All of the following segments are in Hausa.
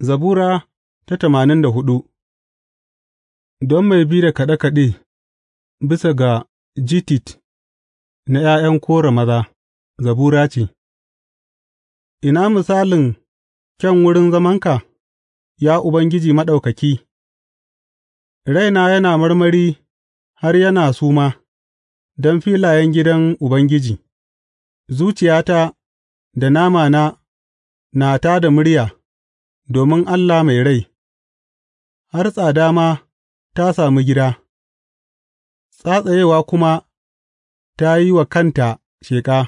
Zabura ta tamanin da hudu Don mai bi da kaɗe kaɗe bisa ga jitit na ’ya'yan Kora maza, zabura ce, Ina misalin kyan wurin zamanka, ya Ubangiji Maɗaukaki, raina yana marmari har yana suma don filayen gidan Ubangiji, zuciyata da namana na ta da murya. domin Allah mai rai, har tsada ma ta sami gida, tsatsayewa kuma ta yi wa kanta sheƙa,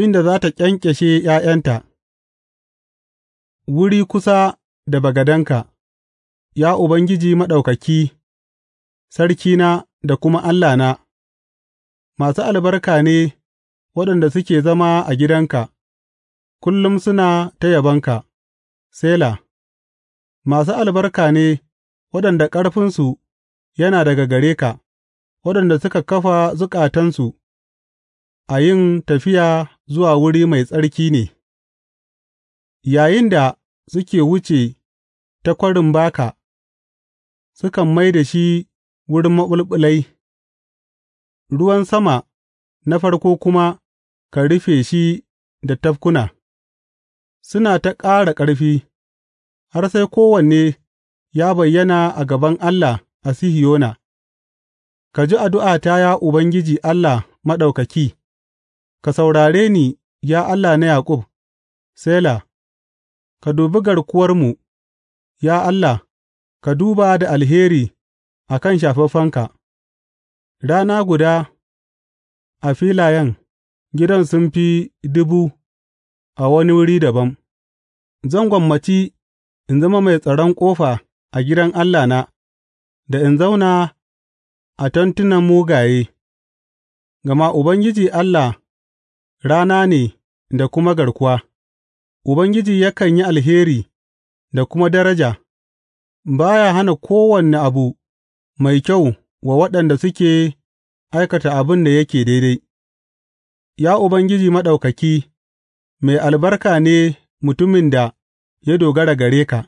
inda za ta ƙyanƙyashe ’ya'yanta, wuri kusa da bagadanka. ya Ubangiji Maɗaukaki, Sarkina da kuma Allahna, masu albarka ne waɗanda suke zama a gidanka, kullum suna ta yabonka. Sela Masu albarka ne waɗanda ƙarfinsu yana daga gare ka, waɗanda suka kafa zukatansu a yin tafiya zuwa wuri mai tsarki ne yayinda suke wuce ta Kwarin Baka, sukan mai da shi wurin maɓulɓulai, ruwan sama na farko kuma ka rufe shi da tafkuna. suna ta ƙara ƙarfi, har sai kowanne ya bayyana a gaban Allah a Sihiyona; ka ji addu'ata, ya Ubangiji Allah Maɗaukaki, ka saurare ni, ya Allah na Yaƙub, Sela, ka dubi garkuwarmu, ya Allah, ka duba da alheri a kan shafaffenka, rana guda a filayen gidan sun fi dubu a wani wuri dabam. Zan gwammaci in zama mai tsaron ƙofa a gidan Allahna da in zauna a tentunan mugaye, gama Ubangiji Allah rana ne da kuma garkuwa; Ubangiji yakan yi alheri da kuma daraja, ba ya hana kowane abu mai kyau wa waɗanda suke aikata abin da yake daidai. Ya Ubangiji Maɗaukaki, mai albarka ne mutumin da ya dogara gare ka.